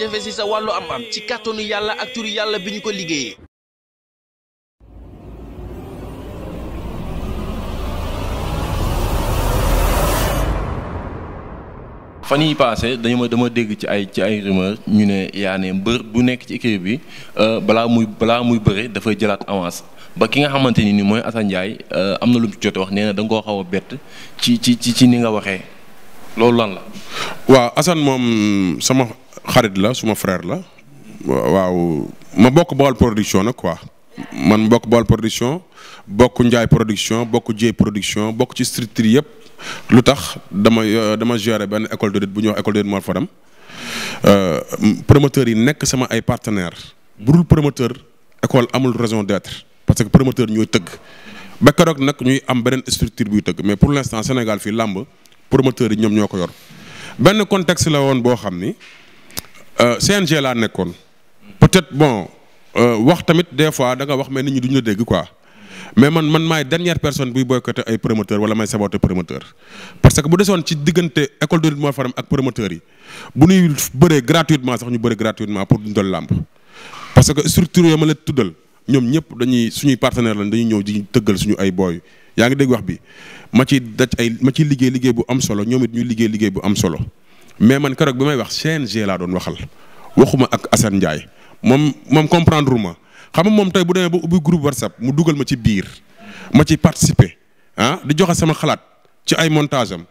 jafe-jafe sa wàllu am-am ci kàttanu yàlla ak turu yàlla bi ñu ko liggéeyee. fan yii paase dañu ma dama dégg ci ay ci ay ñu ne yaa ne mbër bu nekk ci équipe bi euh, balaa muy balaa muy bëre dafay jëlaat avance ba ki nga xamante ni ni mooy Assane Ndiaye euh, am na lu ci jot wax nee na da nga koo xaw a bett ci ci ci ni nga waxee. loolu lan la. waaw Assane moom sama xarit la suma frère la. waaw ma bokk Baol production nag quoi man bokk Baol production bokk Njaay production bokk Jéy production bokk ci structure yëpp lu tax dama euh, dama gérer benn école de lutte bu ñuy wax école de lutte Mor Fadam euh, promoteurs yi nekk sama ay partenaires bu dul promoteur école amul raison d'être parce que promoteur ñoo tëgg ba keroog nag ñuy am beneen structure buy tëgg mais pour l'instant Sénégal fii làmb promoteurs yi ñoom ñoo ko yor benn contexte la woon boo xam ni euh, CNG laa nekkoon peut-être bon euh, wax tamit des fois da nga wax mais nit ñi duñu la dégg quoi mais man man maay dernière personne buy boycotter ay promoteur wala may saboter promoteur parce que bu desoon ci diggante école de lutte Mor Fadam ak promoteurs yi bu ñuy bëree gratuitement sax ñu bëri gratuitement pour duñ doon làmp parce que structure ya ma la tuddal ñoom ñëpp dañuy suñuy partenaire lañ dañuy ñëw di tëggal suñu ay booy yaa ngi dégg wax bi ma ci daj ay ma ci liggéey liggéey bu am solo ñoom it ñu liggéey liggéey bu am solo mais man keroog bi may wax CNG laa doon waxal waxuma ak Assane Ndiaye moom moom comprendre ma xam ma moom tey bu demee ba ubbi groupe WhatsApp mu dugal ma ci biir ma ci participer ah di joxe sama xalaat ci ay montage am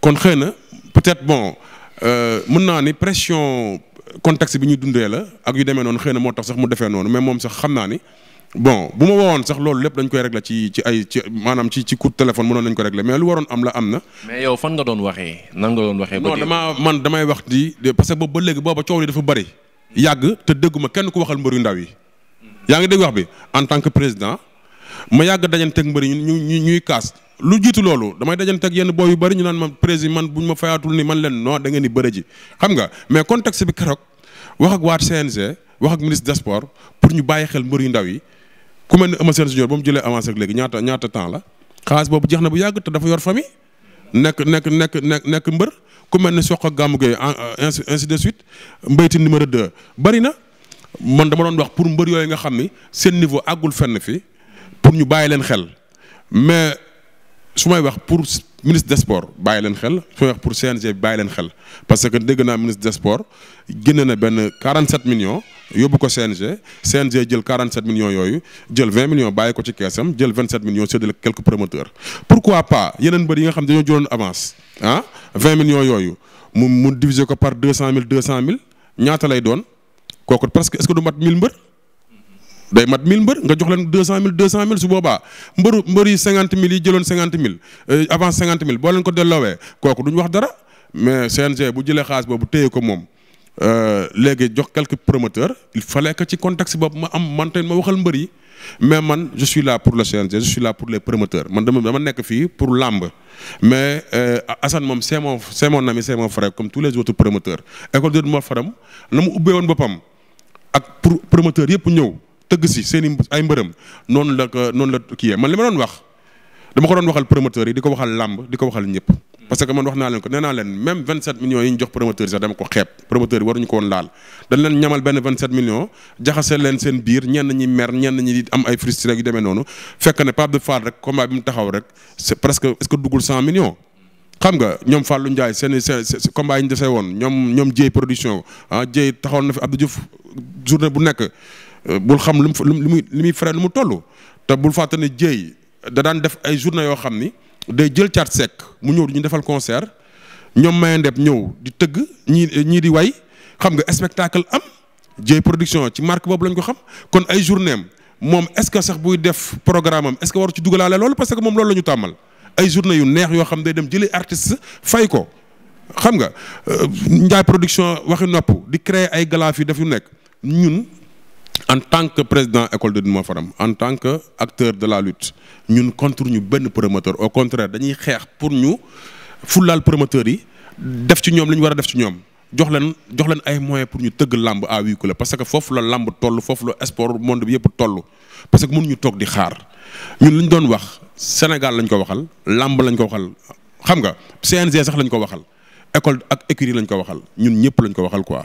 kon xëy na peut-être bon euh, mën naa ni pression contexte bi ñu dundee la ak yu demee noonu xëy na moo tax sax mu defee noonu mais moom sax xam naa ni. bon bu ma wowoon sax loolu lépp dañ koy régler ci ci ay ci maanaam ci ci coup de téléphone mënoon nañ ko régler mais lu waroon am la am na. mais yow fan nga doon waxee. nan nga doon waxee non damaa man damay wax di parce boobu ba léegi booba coow li dafa bëri. yàgg te dégguma kenn ku waxal yu ndaw yi. yaa ngi dégg wax bi en tant que président ma yàgg dajanteeg mbëri ñu ñu ñuy kaas lu jiitu loolu damay dajanteeg yenn booy yu bëri ñu naan ma président man buñ ma fayaatul ni man leen non da ngeen di ji. xam nga mais contexte bi keroog wax ak waat CNG wax ak ministre des pour ñu bàyyi xel mbër yu ndaw yi ku mel ne Eumeu Sène Junior ba mu jëlee avance léegi ñaata ñaata temps la xaalis boobu jeex na bu yàgg te dafa yor famille nekk nekk nekk nekk nekk mbër ku mel ne soq ak gàmmu gay ainsi de suite mbayti numéro 2 bari na man dama doon wax pour mbër yooyu nga xam ni seen niveau àggul fenn fi pour ñu bàyyi leen xel mais su may wax pour ministre des sports bàyyi leen xel su may wax pour CNG bàyyi leen xel parce que dégg naa ministre des génne na benn 47 yóbbu ko CNG CNG jël 47 millions yooyu jël 20 ko ci keesam jël 27 millions séddale pourquoi pas yeneen mbër yi nga xam dañoo jëloon avance ah yooyu mu mu diviser ko par 200 000 200 000 ñaata lay doon kooku presque est-ce que du mat 1000 mbër. day mat 1000 mbër nga jox leen 200000 200000 su boobaa mbëru mbër yi 50000 yi jëloon 50000 avance 50000 boo leen ko delloowee kooku duñ wax dara mais CNG bu jëlee xaalis boobu teye ko moom. Euh, léegi jox quelques promoteurs il fallait que ci contexte boobu ma am man ma waxal mbër yi mais man je suis là pour le CNG je suis pour les promoteurs man dama dama nekk fii pour làmb mais euh, Assane moom c'est mon c'est mon ami c'est mon frère comme tous les autres promoteurs école de Mor Fadam na mu ubbee woon boppam ak pour promoteurs yëpp ñëw. tëgg si seen i ay mbërëm noonu la noonu la kiiyee man li ma doon wax dama ko doon waxal promoteur yi di ko waxal làmb di ko waxal ñëpp. parce que man wax naa leen ko nee naa leen même 27 millions yi ñu promoteur yi sax dama ko xeeb promoteur yi waruñu ko woon laal dañ leen ñamal benn 27 millions jaxase leen seen biir ñenn ñi mer ñenn ñi am ay frustré yu demee noonu fekk ne Pape de Fall rek combat bi mu taxaw rek presque est-ce que duggul ñoom Fallou Ndiaye bu nekk. Euh, bul xam lu mu lu muy lu muy frais lu mu toll te bul fàtte ne Dieye da daan def ay journée yoo xam ni day jël caat sec mu ñëw ñu defal concert ñoom Mayendeb ñëw di tëgg ñii ñii di way xam nga spectacle am Dieye production ci marque boobu lañ ko xam kon ay journée moom est-ce que sax buy def programme est-ce que waru ci dugalaale lool parce que moom loolu la ñu tàmmal ay journée yu neex yoo xam day dem jëli artiste fay ko xam nga euh, Ndiaye production waxi nopp di créer ay galaaf yu def en tant que président école de moo Faram en tant que acteur de la lutte ñun contre ñu benn promoteur au contraire dañuy xeex pour ñu fullaal promoteurs yi def ci ñoom li ñu war a def ci ñoom jox leen jox leen ay moyens pour ñu tëgg làmb à huis clos parce que foofu la làmb toll foofu la sport monde bi yëpp toll parce que mënuñu toog di xaar ñun li ñu doon wax Sénégal lañ ko waxal làmb lañ ko waxal xam nga CNG sax lañ ko waxal école ak écurie lañ ko waxal ñun ñëpp lañ ko waxal quoi.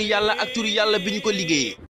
yoonu yàlla ak turu yàlla bi ñu ko liggéeyee